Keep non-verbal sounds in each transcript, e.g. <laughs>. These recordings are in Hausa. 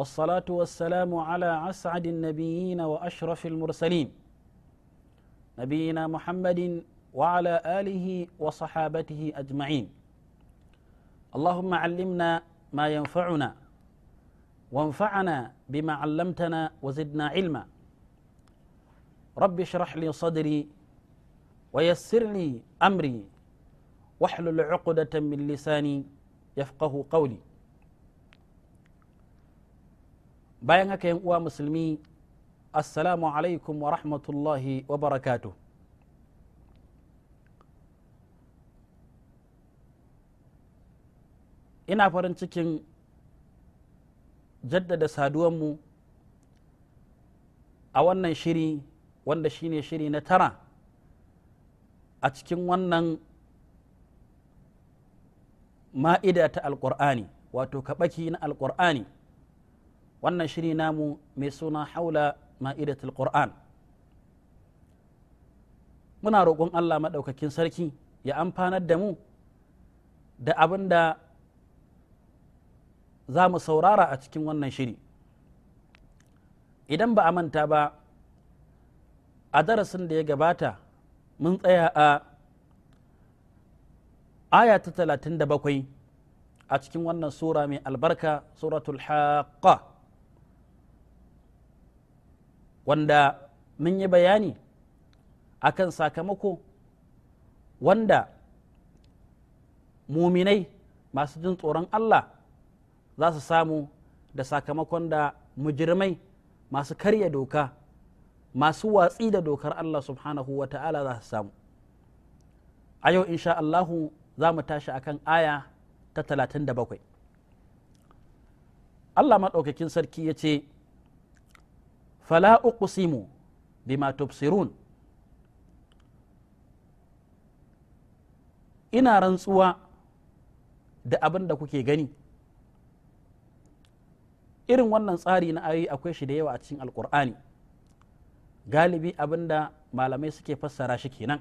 والصلاة والسلام على أسعد النبيين وأشرف المرسلين نبينا محمد وعلى آله وصحابته أجمعين اللهم علمنا ما ينفعنا وانفعنا بما علمتنا وزدنا علما رب اشرح لي صدري ويسر لي أمري واحلل عقدة من لساني يفقه قولي bayan haka yan uwa musulmi assalamu alaikum wa rahmatullahi wa barakatu ina farin cikin jaddada saduwanmu a wannan shiri wanda shine shiri na tara a cikin wannan ma'ida ta alƙur'ani wato kaɓaki na alƙur'ani wannan shiri namu mai suna haula ma'idatul qur'an muna roƙon allah maɗaukakin sarki ya amfanar da mu da abin da za mu saurara a cikin wannan shiri idan ba a manta ba a darasin da ya gabata mun tsaya a aya ta talatin da bakwai a cikin wannan sura mai albarka suratul haqqa wanda mun yi bayani akan sakamako wanda muminai masu jin tsoron Allah za su samu da sakamakon da mujirmai masu karya doka masu watsi da dokar Allah subhanahu wa ta'ala za su samu a yau insha Allahu za mu tashi akan aya ta 37 Allah maɗaukakin sarki ya ce fala uqsimu bima tubsirun ina rantsuwa da abin da kuke gani irin wannan tsari na ayoyi akwai shi da yawa a cikin alkur'ani galibi abin da malamai suke fassara shi kenan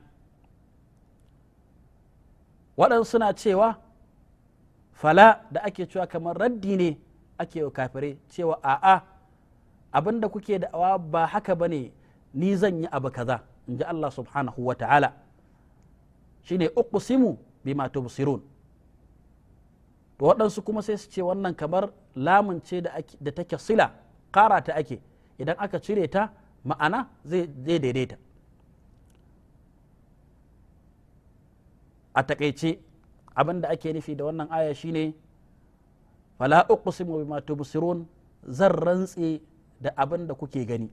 waɗansu suna cewa fala da ake cewa kamar raddi ne ake wa kafirai cewa a'a abin da kuke da awa ba haka ba ne ni zan yi abu kaza in ji Allah subhanahu wa ta'ala shi ne uqsimu bima tubsirun to waɗansu kuma sai su ce wannan kamar lamun ce da take sila ƙara ta ake idan aka cire ta ma'ana zai daidaita a takaice abin da ake nufi da wannan aya shine fala uqsimu bima tubsirun zan rantse da abin da kuke gani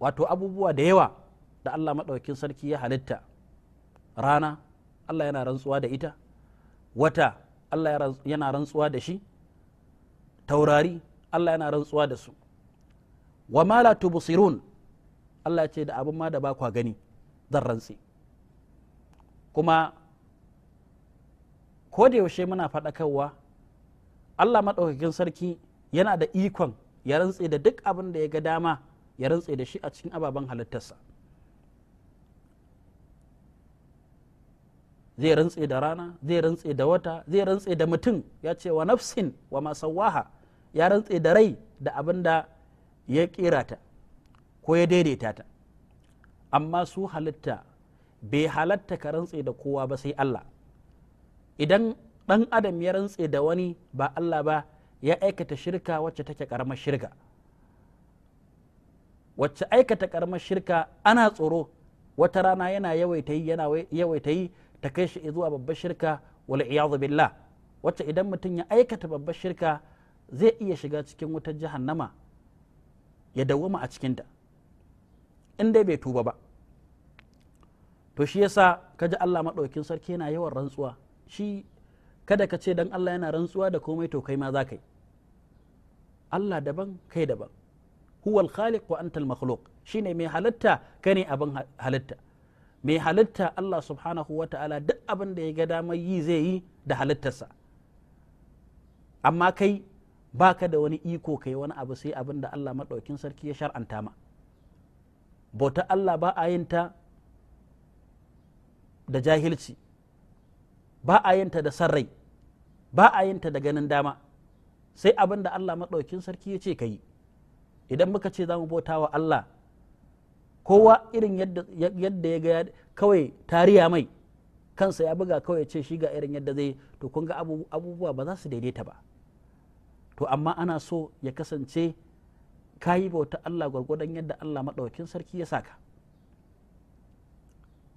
wato abubuwa da yawa da Allah maɗaukin sarki ya halitta rana Allah yana rantsuwa da ita wata Allah yana rantsuwa da shi taurari Allah yana rantsuwa da su wa ma la Allah ce da abin ma da ba kwa gani zan rantse. kuma ko da yaushe muna faɗakarwa Allah maɗaukakin sarki yana da ikon ya rantse da duk abin da ya ga dama ya rantse da shi a cikin ababen halittarsa zai rantse da rana zai rantse da wata zai rantse da mutum ya ce wa nafsin wa masawaha ya rantse da rai da abin da ya kera ta ko ya daidaita ta amma su halitta bai halatta ka rantse da kowa ba sai Allah idan ɗan adam ya rantse da wani ba Allah ba ya aikata shirka wacce take karamar shirka wacce aikata karamar shirka ana tsoro wata rana yana yawaita yi yana yawaita yi ta kai shi zuwa babbar shirka wal iyadu billah wacce idan mutum ya aikata babbar shirka zai iya shiga cikin wutar jahannama ya dawwama a cikin ta in dai bai tuba ba to shi yasa kaji Allah maɗaukin sarki yana yawan rantsuwa shi kada ka ce dan Allah yana rantsuwa da komai to kai ma za ka yi Allah daban kai daban huwal khaliq wa antal makhluq shine mai halitta kane abin halitta mai halitta Allah subhanahu wa ta'ala duk abin da ya ga damar yi zai yi da halittarsa amma kai baka da wani iko kai wani abu sai abin da Allah maɗaukin sarki ya shar'anta ma Bota Allah ba a yin da jahilci ba a yin ta da sarrai ba a yin ta da ganin dama sai abin da Allah maɗaukin sarki ya ce ka yi idan muka ce za mu bauta wa Allah kowa irin yadda ya ga kawai tariya mai kansa ya buga kawai ce shi ga irin yadda zai to kun ga abubuwa ba za su daidaita ba to amma ana so ya kasance ka yi bauta Allah gwargwadon yadda Allah maɗaukin sarki ya saka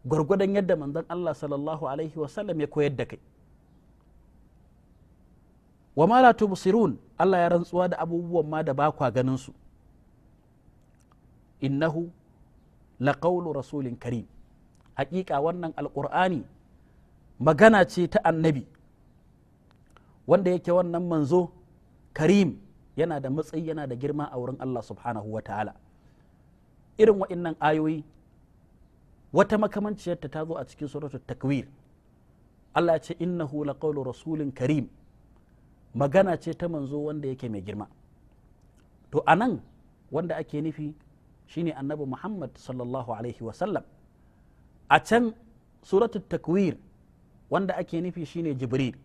gwargwadon yadda manzon Allah sallallahu alaihi wasallam ya koyar da kai wa ma la tubsirun Allah ya rantsuwa da abubuwan ma da ba kwa ganin su innahu qawlu rasulin karim hakika wannan alqur'ani magana ce ta annabi wanda yake wannan manzo karim yana da matsayi yana da girma a wurin Allah subhanahu wa ta'ala irin wa'innan ayoyi wata makamanciyarta ta zo a cikin suratul takwir Allah ya ce innahu qawlu rasulin karim magana ce ta manzo wanda yake mai girma to a nan wanda ake nufi shine annabi muhammad sallallahu alaihi wasallam a can suratu takwir wanda ake nufi shine jibril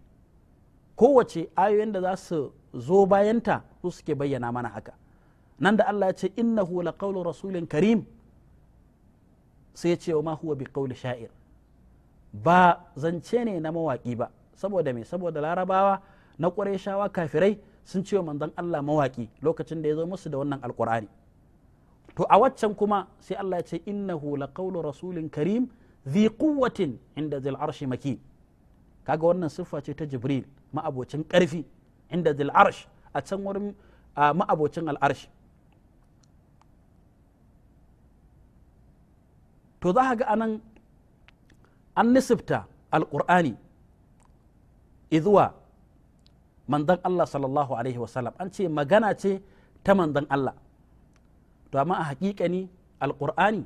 kowace ayoyin da za su zo bayanta su suke bayyana mana haka nan da allah ya ce innahu laqawlu rasulin karim sai ya ce wa ma huwa bi qawli sha'ir ba zance ne na mawaƙi ba saboda me saboda larabawa na shawa kafirai sun ce wa manzon Allah mawaƙi lokacin da ya zo musu da wannan alƙur'ani to a waccan kuma sai Allah ya ce innahu laqawlu rasulin karim ذي قوة عند ذي العرش مكين kaga wannan siffa ce ta jibril ma'abocin ƙarfi inda zil arsh a can wurin ma'abocin al'arsh to za ga anan an nisifta alƙur'ani izuwa manzon Allah sallallahu alaihi wasallam an ce magana ce ta manzon Allah to amma a hakikani alqur'ani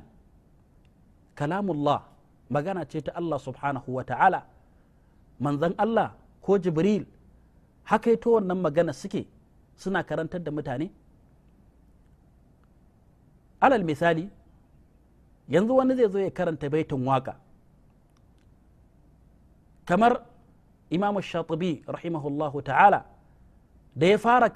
kalamullah magana ce ta Allah subhanahu wa ta'ala manzon Allah ko jibril haka ito wannan magana suke suna karantar da mutane alal misali yanzu wani zai zo ya karanta baitin waka kamar imam shatibi rahimahullahu ta'ala da ya fara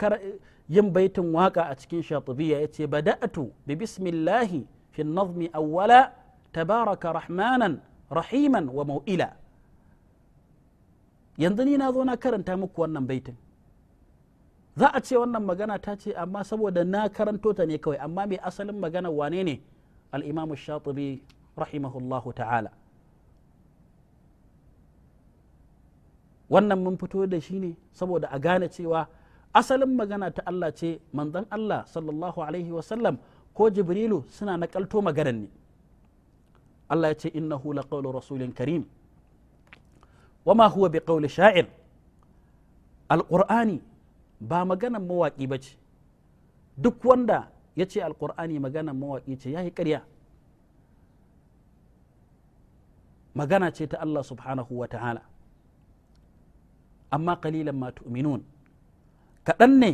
yin baitin waka a cikin shatibiya ya ce bada'atu bi bismillahi fi nazmi awwala tabaraka rahmanan rahiman wa mau'ila yanzu ni na zo na karanta muku wannan baitin za a ce wannan magana ta ce amma saboda na karanto ta ne kawai amma mai asalin magana wane ne al-imam shatibi rahimahullahu ta'ala wannan mun fito da shi ne saboda a gane cewa asalin magana ta Allah ce manzon Allah sallallahu alaihi wasallam ko jibrilu suna nakalto maganar ne Allah ya ce innahu laqawlu rasulin karim wama huwa biqawli sha'ir alqur'ani ba maganar mawaki bace duk wanda ya ce alqur'ani maganar mawaki ce yayi ƙarya magana ce ta Allah subhanahu wa ta'ala amma kalilan ma tu'minun kaɗan ne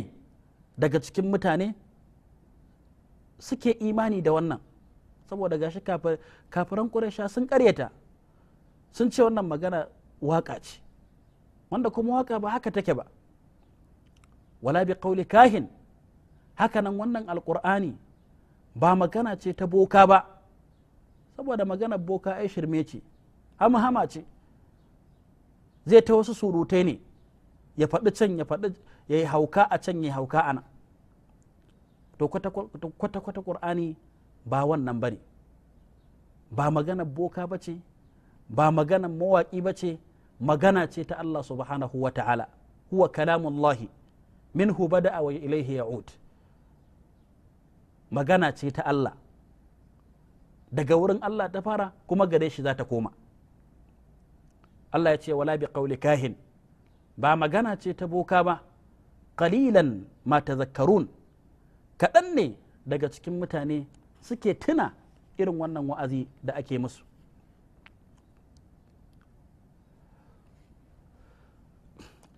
daga cikin mutane suke imani da wannan saboda gashi kafiran ƙuraisha sun ƙaryata sun ce wannan magana waka ce wanda kuma waka ba haka take ba wala bi ƙauli kahin hakanan wannan alƙur'ani ba magana ce ta boka ba saboda magana boka ai shirme ce hama hama ce zai ta wasu surutai ne ya faɗi can ya faɗi ya yi hauka a can ya yi hauka a nan to kwata-kwata ƙur'ani ba wannan ba ne ba magana boka ba ce ba magana mawaƙi ba ce magana ce ta Allah subhanahu wa ta'ala huwa kalamullahi minhu bada'a wa ilaihi ya'ud magana ce ta Allah daga wurin Allah ta fara kuma gare shi za ta koma Allah ya ce wala bi kahin ba magana ce ta boka ba kalilan ma Zakarun? kaɗan ne daga cikin mutane suke tuna irin wannan wa'azi da ake musu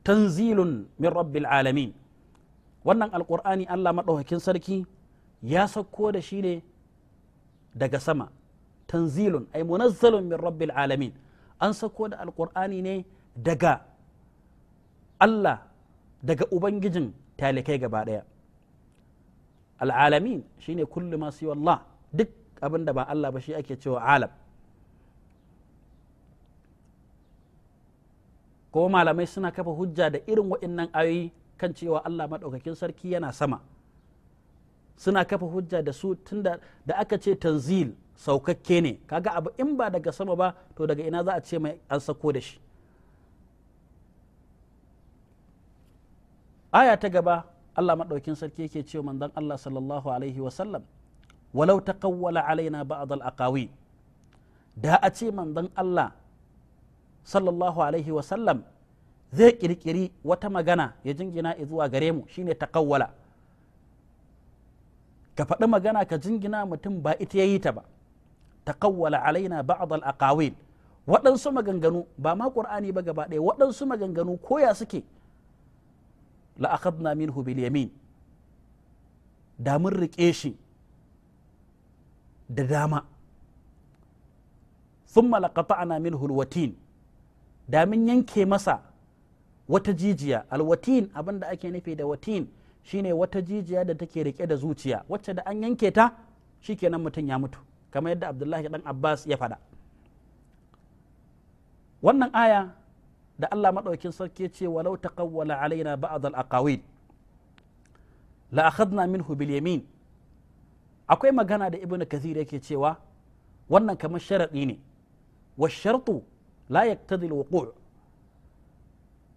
tanzilun min rabbil alamin wannan alƙur'ani allah maɗaukakin sarki ya sauko da shi ne daga sama tanzilun ai munazzalun min rabbil alamin an sauko da alkur'ani ne daga Allah daga ubangijin talikai gaba ɗaya al'alamin shine kullum masu yi Allah duk abin da ba Allah ba shi ake cewa alam ko malamai suna kafa hujja da irin waɗannan ayoyi kan cewa Allah maɗaukakin sarki yana sama suna kafa hujja da su tunda da aka ce tanzil saukakke ne kaga abu in ba daga sama ba to daga ina za a ce mai an sako da shi aya ta gaba Allah maɗaukin sarki yake cewa manzon Allah sallallahu alaihi wa sallam walau taqawwala alaina ba'd al-aqawi da a ce manzon Allah sallallahu alaihi wa sallam zai kirkiri wata magana ya jingina zuwa gare mu shine taqawwala ka faɗi magana ka jingina mutum ba ita yayi ta ba taqawwala alaina ba'd al-aqawil waɗansu maganganu ba ma qur'ani ba gaba ɗaya waɗansu maganganu koya suke la'akadna minhu bilyamin da mun riƙe shi da dama Sun thumma laqata'na min hulwatin. da mun yanke masa wata jijiya alwatin da ake nufi da watin shine wata jijiya da take rike da zuciya wacce da an yanke ta shi shikenan mutum ya mutu kamar yadda abdullahi dan abbas ya faɗa wannan aya da Allah maɗaukin sarki ce walau taqawwala alaina ba'd al-aqawil la akhadna minhu bil yamin akwai magana da ibnu kathir yake cewa wannan kamar sharadi ne wa shartu la yaqtadi al-wuqu'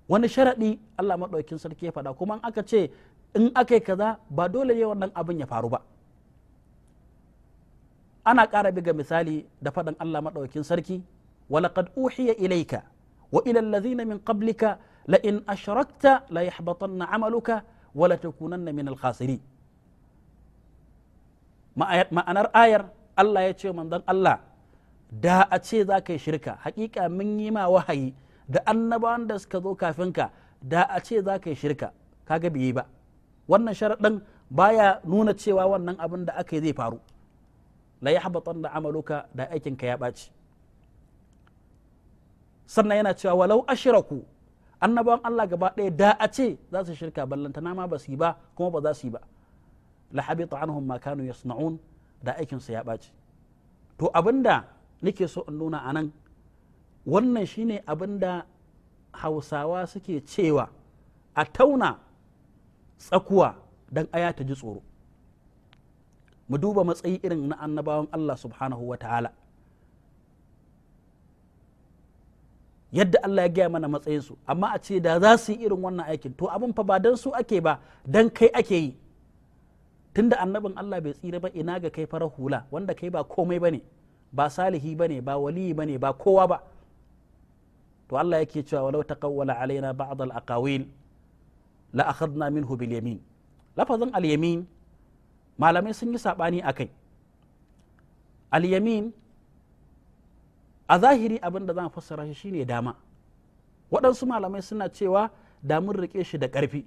wani sharadi Allah maɗaukin sarki ya faɗa kuma aka ce in aka yi kaza ba dole ne wannan abin ya faru ba ana ƙara biga misali da faɗin Allah maɗaukin sarki walaƙad uhiya ilaika وإلى الذين من قبلك لئن أشركت ليحبطن عملك تكونن من الخاسرين ما آيات ما أنا آير آية الله يتشو من دان الله دا أتشي ذاك شركة حقيقة من يما وحي دا أنبان دا سكذو كافنك دا أتشي ذاك شركة كاك بيبا وانا شرط دن بايا نونة شوا وانا أبن دا أكي ذي فارو ليحبطن عملك دا أيكن كيا sannan yana cewa walau ku. annabawan Allah gaba ɗaya da a ce za su shirka ballanta nama ba su yi ba kuma ba za su yi ba la habita anhum ma kanu yasna'un da aikin su ya ɓaci to abinda nake so in nuna anan wannan shine abinda hausawa suke cewa a tauna tsakuwa don aya ta ji tsoro mu duba matsayi irin na annabawan Allah subhanahu wa ta'ala yadda Allah ya gaya mana matsayinsu amma a ce da za su yi irin wannan aikin to abin fa ba dan su ake ba dan kai ake yi tunda annabin Allah bai tsira ba ina ga kai farar hula wanda kai ba komai bane ba salihi bane ba waliyi bane ba kowa ba to Allah yake cewa walau taqawwala alaina ba'd al-aqawil la akhadna minhu bil yamin lafazin al-yamin malamai sun yi sabani akai al-yamin a zahiri abin da zan fassara shi shine dama waɗansu malamai suna cewa da mun rike shi da ƙarfi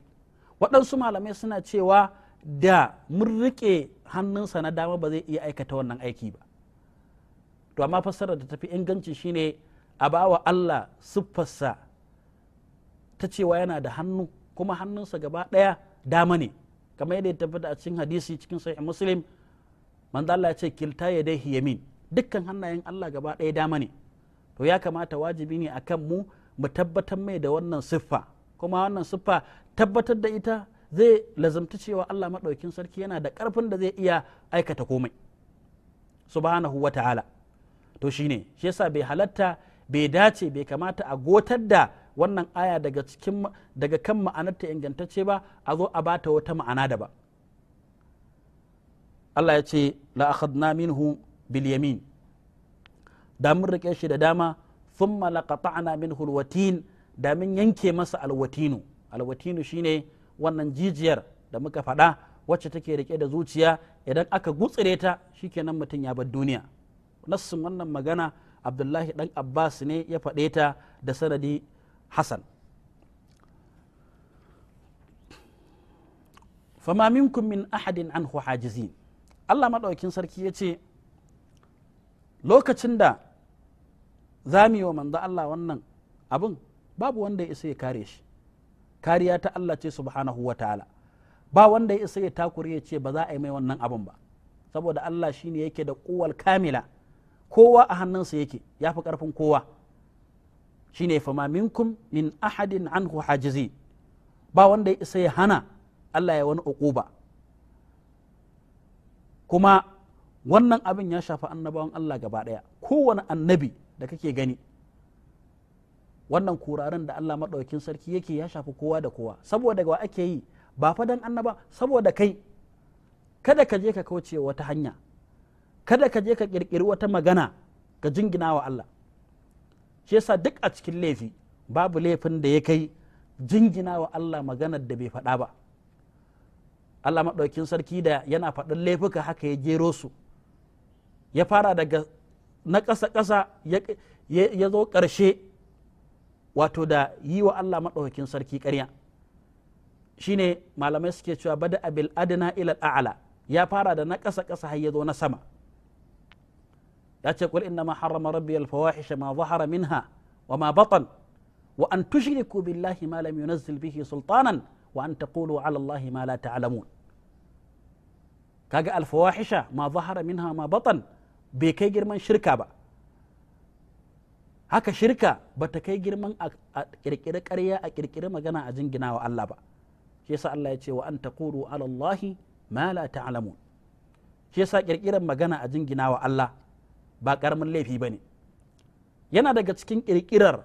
waɗansu malamai suna cewa da mun riƙe hannunsa na dama ba zai iya aikata wannan aiki ba to amma fassarar da tafi inganci shine a bawa Allah siffarsa ta cewa yana da hannu kuma hannunsa gaba ɗaya dama ne kamar yadda ya tabbata a cikin hadisi cikin sahih muslim manzo Allah ya ce kilta yadayhi yamin dukkan hannayen Allah gaba ɗaya dama ne to ya kamata wajibi ne akan mu mu tabbatar mai da wannan siffa kuma wannan siffa tabbatar da ita zai lazumta cewa Allah maɗaukin sarki yana da ƙarfin da zai iya aikata komai subhanahu wa ta'ala to shine shi yasa bai halatta bai dace bai kamata a gotar da wannan aya daga cikin daga kan ma'anarta ingantacce ba a zo a bata wata ma'ana da ba Allah ya ce la akhadna minhu bilyamin da riƙe shi da dama thumma laqata'na min alwatin da mun yanke masa alwatinu alwatinu shine wannan jijiyar da muka faɗa wacce take rike da zuciya idan aka gutsire ta shikenan mutum ya bar duniya nassin wannan magana abdullahi dan abbas ne ya faɗe ta da sanadi Hassan. fama minkum min ahadin anhu hajizin allah maɗaukin sarki ya ce lokacin da za mu yi wa manzo Allah wannan abin babu wanda ya isa ya kare shi kariya ta Allah ce subhanahu wa ta'ala ba wanda ya isa ya takure ya ce ba za a yi mai wannan abin ba saboda Allah shine yake da kuwal kamila kowa a hannunsa yake ya fi karfin kowa shine ma minkum min ahadin anhu hajizi ba wanda ya isa ya hana Allah ya wani uquba kuma wannan abin ya shafi annabawan Allah gaba ɗaya kowane annabi da kake gani wannan kuraren da Allah maɗaukin sarki yake ya shafi kowa da kowa saboda wa ake yi ba fa dan annaba saboda kai kada ka je ka kauce wata hanya kada ka je ka ƙirƙiri wata magana ga jingina wa Allah shi yasa duk a cikin laifi babu laifin da ya kai jingina wa Allah maganar da bai faɗa ba Allah maɗaukin sarki da yana faɗin laifuka haka ya jero su ya fara daga na ƙasa-ƙasa ya zo ƙarshe wato da yi wa Allah maɗaukakin sarki ƙarya shine malamai suke cewa bada abil adina ila a'la ya fara da na ƙasa-ƙasa har ya zo na sama ya ce kul inna ma harrama rabbi al fawahisha ma zahara minha wa ma batan wa an tushriku billahi ma lam yunazzil bihi sultanan wa an taqulu ala allahi ma la ta'lamun kaga al fawahisha ma zahara minha ma batan bai kai girman shirka ba haka shirka ba ta kai girman a kirkiri karya a kirkiri magana a jingina wa Allah ba shi yasa Allah ya ce wa an taqulu ala Allahi ma la ta'lamun shi yasa kirkiran magana a jingina wa Allah ba karamin laifi bane yana daga cikin kirkirar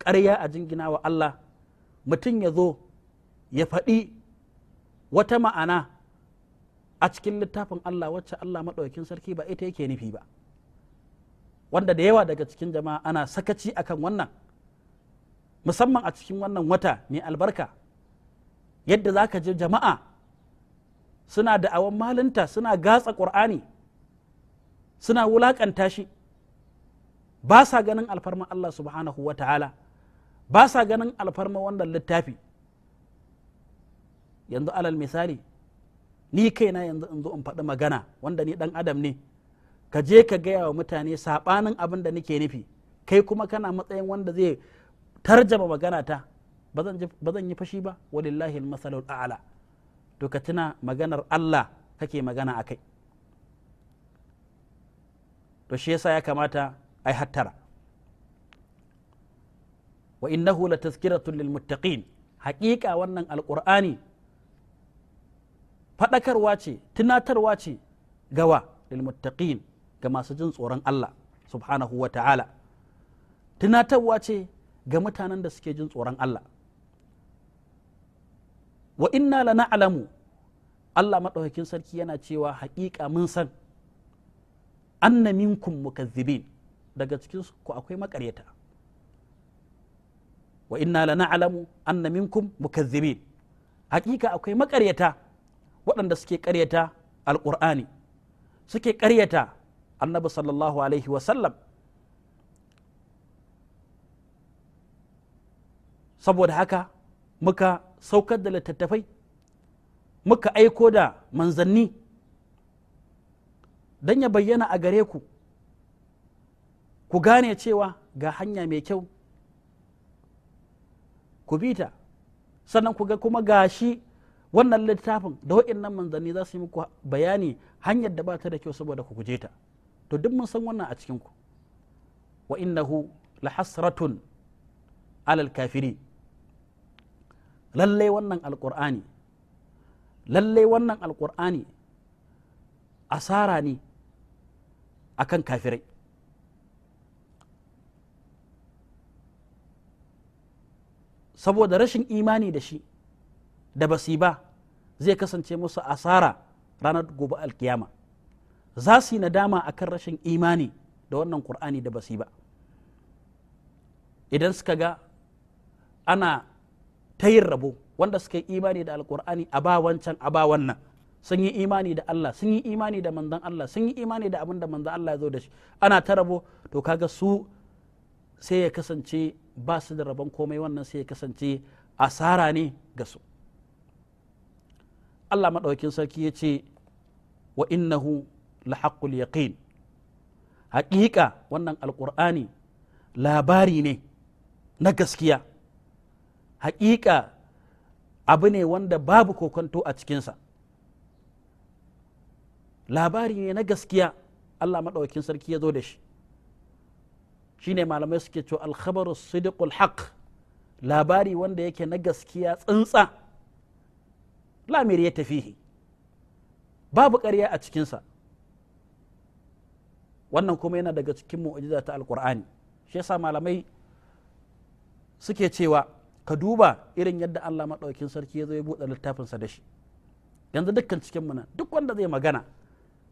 karya a jingina wa Allah mutum ya zo ya faɗi wata ma'ana a cikin littafin Allah wacce Allah maɗaukin sarki ba ita yake nufi ba wanda da yawa daga cikin jama'a ana sakaci akan wannan musamman a cikin wannan wata mai albarka yadda za ka je jama'a suna da awan malinta suna gatsa ƙur'ani suna wulaƙanta shi ba sa ganin alfarma Allah subhanahu wa ta'ala ba sa ganin alfarma wannan littafi yanzu alal misali ni kaina yanzu in zo in faɗi magana wanda ni ɗan adam ne ka je ka gaya wa mutane saɓanin abin da nake nufi kai kuma kana matsayin wanda zai tarjama magana ta ba zan yi fashi ba walillahi masalau a'ala to ka tuna maganar Allah kake magana akai to shi yasa ya kamata a yi hattara wa innahu la tazkiratun lil muttaqin haƙiƙa wannan alqur'ani faɗakarwa ce tunatarwa ce gawa lilmuttaqin ga masu jin tsoron Allah subhanahu wa ta'ala tunatarwa ce ga mutanen da suke jin tsoron Allah wa inna la Allah maɗaukakin sarki yana cewa haƙiƙa mun san anna minkum mukazzibin daga cikin ku akwai maƙaryata wa inna la anna minkum mukazzibin haƙiƙa akwai maƙaryata waɗanda suke ƙaryata alƙur'ani suke ƙaryata annabi sallallahu alaihi wasallam saboda haka muka saukar da littattafai muka aiko da manzanni don ya bayyana a gare ku ku gane cewa ga hanya mai kyau ku bi ta sannan ku ga kuma gashi wannan littafin da wa'annan manzanni za su yi muku bayani hanyar da ba ta da kyau saboda ku guje ta to duk mun san wannan a cikin ku wa innahu la hasratun alal kafiri lallai wannan alqur'ani lallai wannan alqur'ani asara ne akan kafirai saboda rashin imani da shi da basi ba zai kasance musu asara ranar gobe alkiyama za su yi nadama akan rashin imani da wannan ƙur'ani da basi ba idan suka ga ana ta yin rabo wanda suka yi imani da alkur'ani a ba wancan a ba wannan sun yi imani da Allah sun yi imani da manzon Allah sun yi imani da abin da manzon Allah ya zo da shi ana ta rabo to kaga su sai ya kasance ba su da rabon komai wannan sai ya kasance asara ne ga su Allah maɗaukin sarki ya ce wa innahu lahaqqul yaqin haƙiƙa wannan alƙur'ani labari ne na gaskiya haƙiƙa abu ne wanda babu kokonto a cikinsa labari ne na gaskiya Allah maɗaukin sarki ya zo da shi shi ne malamai suke cewa alkhabaru sidiqul haq labari wanda yake na gaskiya tsintsa lamir ya tafihi babu ƙarya a cikinsa wannan kuma yana daga cikin mu'ujiza ta alƙur'ani shi yasa malamai suke cewa ka duba irin yadda Allah maɗaukin sarki ya zo ya buɗe littafinsa da shi yanzu dukkan cikin nan duk wanda zai magana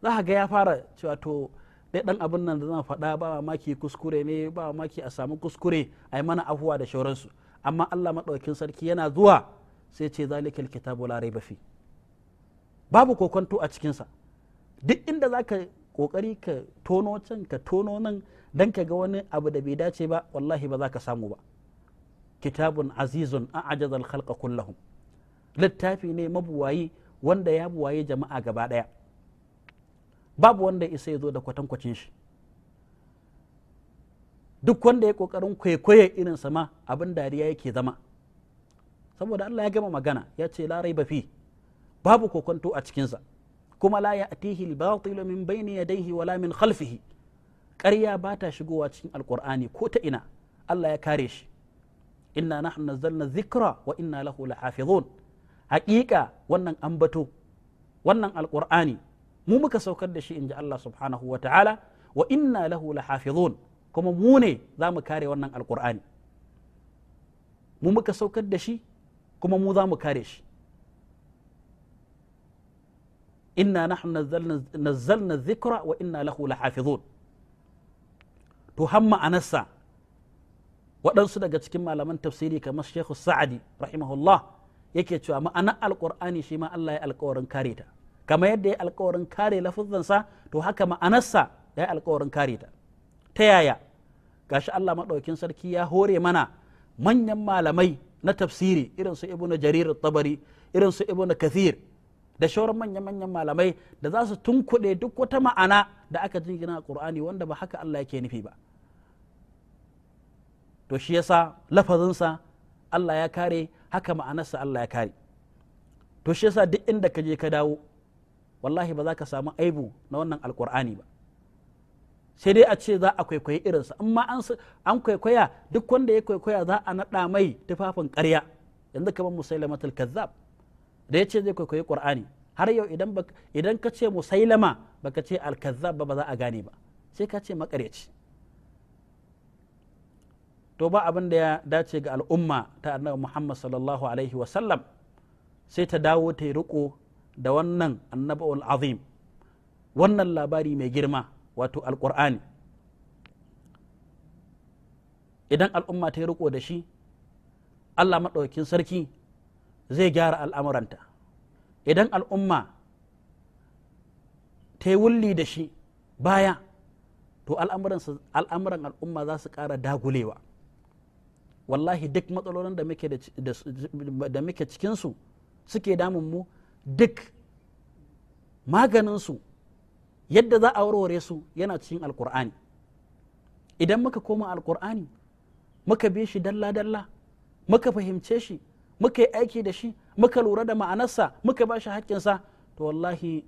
za a ga ya fara cewa to dai ɗan abin nan da zan faɗa ba maki kuskure ne ba maki a samu kuskure a yi mana afuwa da shauransu amma Allah maɗaukin sarki yana zuwa sai ce zalika kitabu la raiba fi babu kokonto a cikinsa duk inda zaka kokari ka tono can ka tono nan dan ka ga wani abu da bai dace ba wallahi ba za ka samu ba kitabun azizun a ajazal khalqa kullahum littafi ne mabuwayi wanda ya buwaye jama'a gaba daya babu wanda isa ya zo da kwatankwacin shi duk wanda ya kokarin kwaikwaye irin sama abin dariya yake zama saboda Allah ya gama magana ya ce la raiba fi babu kokonto a cikinsa kuma la ya'tihi al-batil min ya yadayhi wala min khalfihi ƙarya ba ta shigowa cikin alkur'ani ko ta ina Allah ya kare shi inna nahnu nazzalna dhikra wa inna lahu lahafizun haƙiƙa wannan ambato wannan alkur'ani mu muka saukar da shi inji Allah subhanahu wa ta'ala wa inna lahu lahafizun kuma mu ne za mu kare wannan alkur'ani mu muka saukar da shi kuma mu za mu kare shi inna nahnu nazzalna dhikra wa inna lahu lahafizun to har ma'anarsa waɗansu daga cikin malaman tafsiri kamar shekhu Sa'adi rahimahullah yake cewa ma'ana alƙur'ani shi ma Allah ya alƙawarin kare ta kamar yadda ya alƙawarin kare lafuzzansa to haka ma'anarsa ya yi alƙawarin kare ta ta yaya gashi Allah maɗaukin sarki ya hore mana manyan malamai na tafsiri irin su ibnu jarir tabari irin su ibnu kathir da shauran manya-manyan malamai da za su tunkuɗe duk wata ma'ana da aka jingina qur'ani wanda ba haka Allah yake nufi ba to shi yasa lafazinsa Allah ya kare haka ma'anarsa Allah ya kare to shi yasa duk inda ka je ka dawo wallahi ba za ka samu aibu na wannan alkur'ani ba sai dai a ce za a kwaikwayi irinsa amma an kwaikwaya duk wanda ya kwaikwaya za a naɗa mai tufafin ƙarya yanzu kamar musailama tulkazzab da ya ce zai kwaikwayi qur'ani har yau idan ka ce musailama baka ce alkazzab ba za a gane ba sai ka ce makaryaci to ba abin da ya dace ga al'umma ta annabi Muhammad sallallahu alaihi wa sai ta dawo ta yi riko da wannan annabawul azim wannan labari mai girma wato alƙur'ani idan al'umma ta yi riko da shi allah maɗaukin sarki zai gyara al'amuranta idan al'umma ta yi wulli da shi baya to al'amuran al'umma za su ƙara dagulewa wallahi duk matsalolin da muke cikinsu suke damun mu duk maganinsu yadda za a warware su yana cikin alkur'ani idan muka koma alkur'ani muka bi shi dalla-dalla muka fahimce shi muka yi aiki da shi muka lura da ma'anarsa muka ba shi haƙƙinsa to wallahi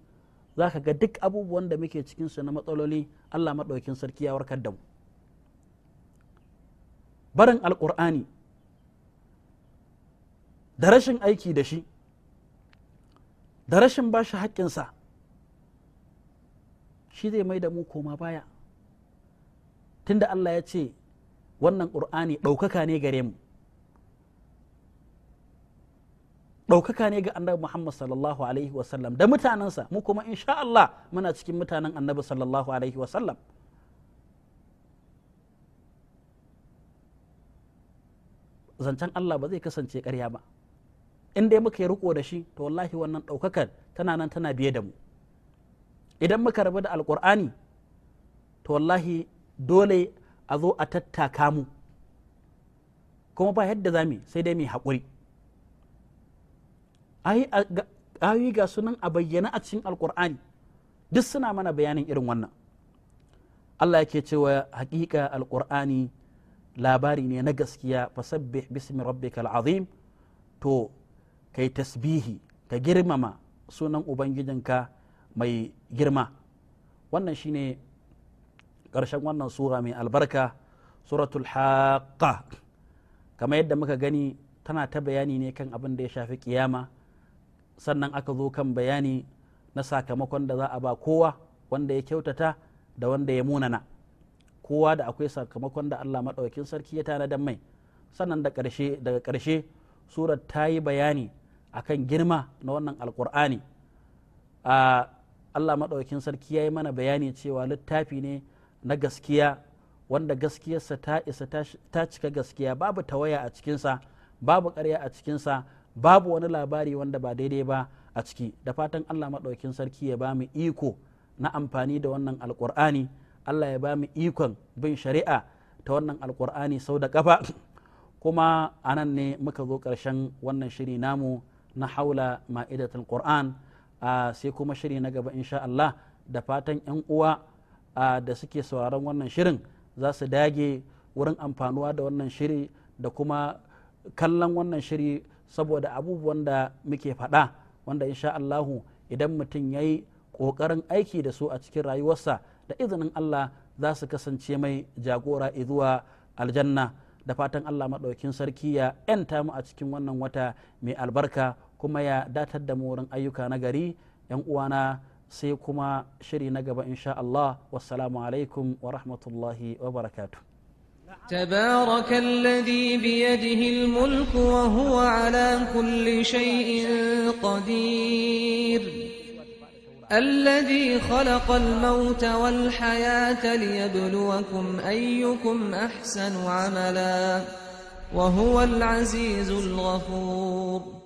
za ka ga duk abubuwan da muke cikinsu na matsaloli allah maɗaukin sarki ya warkar da mu barin alkur'ani da rashin aiki da shi da rashin ba shi haƙƙinsa shi zai mai da mu koma baya tunda Allah ya ce wannan ƙur'ani ɗaukaka ne gare mu ɗaukaka ne ga annabi Muhammad sallallahu alaihi wasallam da mutanensa mu kuma insha Allah muna cikin mutanen annabi sallallahu alaihi wasallam zancen Allah ba zai kasance ƙarya ba in dai muka yi riko da shi to wallahi wannan ɗaukakar tana nan tana biye da mu idan muka rabu da alkur'ani to wallahi dole a zo a tattaka mu kuma ba yadda za mu sai dai mai haƙuri ayi ga sunan a bayyana a cikin alkur'ani duk suna mana bayanin irin wannan allah yake cewa haƙiƙa alkur'ani labari ne na gaskiya fasabbih bismi rabbikal azim to kai tasbihi ka girmama sunan ubangijinka mai girma wannan shine ƙarshen wannan sura mai albarka suratul haqqa kamar yadda muka gani tana ta bayani ne kan abin da ya shafi kiyama sannan aka zo kan bayani na sakamakon da za a ba kowa wanda ya kyautata da wanda ya munana kowa da akwai sakamakon da allah maɗaukin sarki ya da mai sannan da ƙarshe daga ƙarshe surar ta yi bayani akan girma na wannan alƙur'ani a ah, allah maɗaukin sarki ya yi mana bayani cewa littafi ne na gaskiya wanda gaskiyarsa ta isa ta cika gaskiya babu tawaya a cikinsa babu karya a cikinsa babu wani labari wanda ba daidai ba a ciki da fatan allah maɗaukin sarki ya ba mu iko na amfani da wannan alƙur'ani allah ya ba mu ikon bin shari'a ta wannan alƙur'ani sau da ƙafa <laughs> kuma anan ne muka zo ƙarshen wannan shiri namu na haula ma'idatul qur'an a sai kuma shiri na gaba insha Allah da fatan 'yan uwa da suke sauraron wannan shirin za su dage wurin amfanuwa da wannan shiri da kuma kallon wannan shiri saboda abubuwan da muke faɗa wanda insha Allahu idan mutum ya yi ƙoƙarin aiki da su a cikin rayuwarsa da izinin Allah za su kasance mai jagora zuwa aljanna da fatan Allah maɗaukin sarki ya 'yanta mu a cikin wannan wata mai albarka kuma ya datar da mu wurin ayyuka na gari yan uwana sai kuma shiri na gaba insha Allah wassalamu alaikum wa rahmatullahi wa barakatuh تبارك الذي بيده الملك وهو على كل شيء قدير الذي خلق الموت والحياة ليبلوكم أيكم أحسن عملا وهو العزيز الغفور